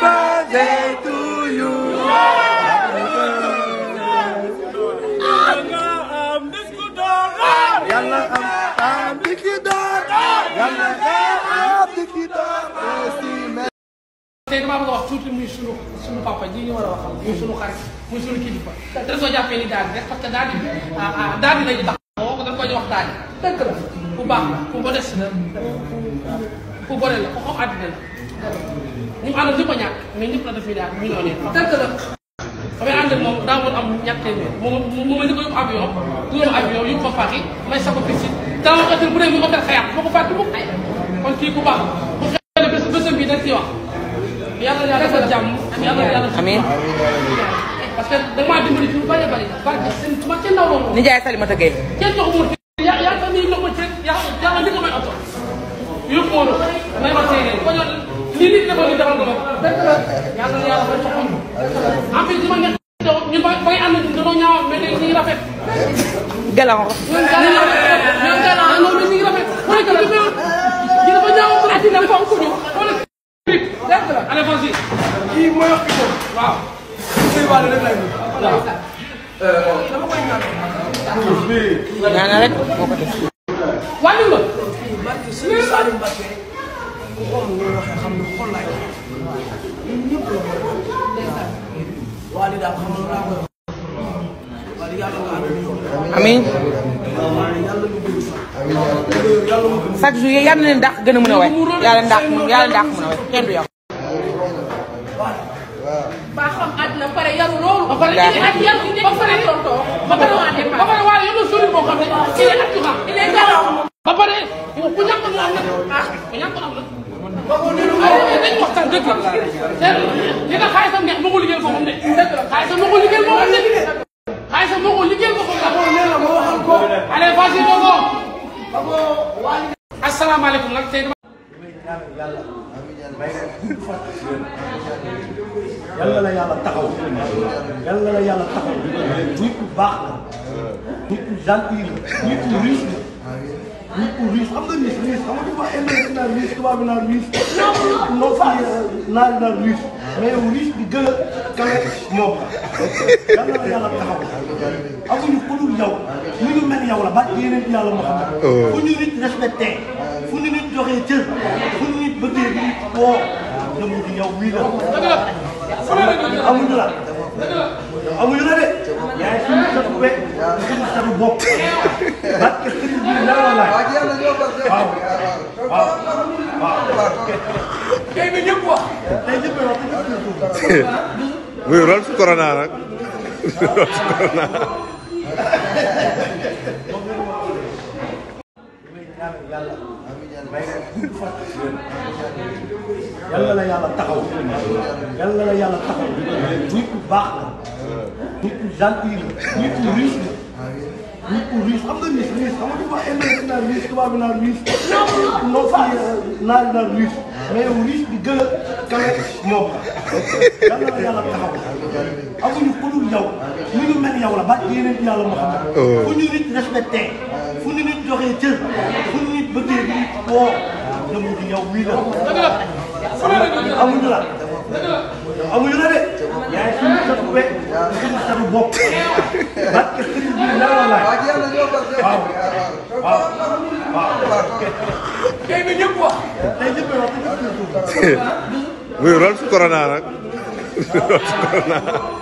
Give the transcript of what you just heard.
birthday to you. Happy birthday. Yàlla am bés bu door. Yàlla am bés bu door. Yàlla am bés bu door. tey damaa bëgg a wax tuuti muy sunu sunu papa ji ñu war a waxal muy sunu xarit muy sunu kilifa te soo jàppee ni daal rek parce que daal di ah daal di lañu tax. boo ko dañ koy wax daal dëgg la ku baax la ku modeste la ku gore la ku xam àddina la. ñi mu àndal ñëpp a ñàkk mais ñëpp la def milliard millionnaire dëgg la damay ànd ak moom daa woon am ñàkk téeméer moom moom ma di ko yóbbu avion du yóbbu avion yóbbu ko fàqi may sa ko picc daa wax ëttal bu dee mu ëttal xayaat ma ko fàtte mukk kon kii ku baax bu xewee bés bésam bi nag ci wax yàlla yàlla sa jàmm yàlla yàlla amiin parce que da maa dimbali ci lu bari bari barke seen ma kenn ndaw loolu nijaay Salimata Gueye kenn jox moom yaa yaa ni jox ma ci yàlla ndi ko may oto yóbbu moo may ma lii nit dafa ñu defal ko yàlla na yàlla bañ ko am. en plus li ma nekk ñu ba bay ànd ak dañoo ñaawaat mais léegi ñu ngi rafet. galan. ñun galan ñun galan loolu ah ñu ngi rafet. mooy que ñu ñu dafa ñaawaat laaj bi nga xam ko ñu. wala kii allez vas-y. kii mooy wax ko. waaw. suy wàll rek lay waaw. dama koy ñaan. ñaan rek moo ko def. wàññi nga. ku xool loolu wax xam ne xool laay wax ñun ñëpp la ko ndeysaan waa li daal xam laa koy wax waa li yàlla nga ànd amiin yàlla lu gën sax chaque jour yàlla na leen dàq gën a mën a way yàlla dàq yàlla dàq mën a way kenn du yow ba xam àddina pare yaru loolu ba pare yaru ba pare tontoo ba pare waa départ ba pare waa yenn sori boo xam ne ci la ak ba pare bu ñàkk ah, am la ah bu ñàkk am la li nga xaalisam neex moo ko liggéeyal boppam de. xaalisam moo ko liggéeyal boppam de. xaalisam moo ko liggéeyal boppam de. waaw nee na ma waxal ko. allez vas-y Dodo. asalaamaaleykum nag tey dama. yàlla la yàlla taxaw yàlla la yàlla taxaw nit ku baax la nit ku gentil la nit ku riche la ruus xam nga ruus ruus xam nga du ma émergé naa ruus tubaab bi naa ruus. non si naa naa ruus. mais ruus bi gën a kawe moom la. yàlla na yàlla taxaw. amuñu ku dul yow. ñu ngi mel yow la ba yeneen yàlla moo xam. Oh. fu ñu nit respecté. fu ñu nit joxee cër. fu ñu nit bëggee nit woo. dama di yow mii la. amuñu la. amuñu la de. yaay suñu satu be suñu satu bopp. waaw waaw waaw. tey bi ñëpp wax. tey ñëpp wax tey ñëpp wax. muy corona nag. corona. yàlla la yàlla taxaw yàlla la yàlla taxaw nit ku baax la nit ku gentil la nit ku riche la wii pour riis xam nga riis riis xam nga du ma émergé naa riis tubaab bi naa riis. noo fi naaj naa riis mais yow riis bi gën a kawe moom la. yàlla na yàlla taxaw amuñu ku dul yow ni ñu mel yow la ba yeneen yàlla moo xam. Oh. fu ñu nit respecté fu ñu nit joxee cër fu ñu nit bëggee nit woo demul di yow mii la. amuñu la amuñu la de. yaay suñu satu be suñu satu bopp. waaw waaw. tey nag ñëpp wax. tey ñëpp wax. muy rol su corona nag. rol su corona.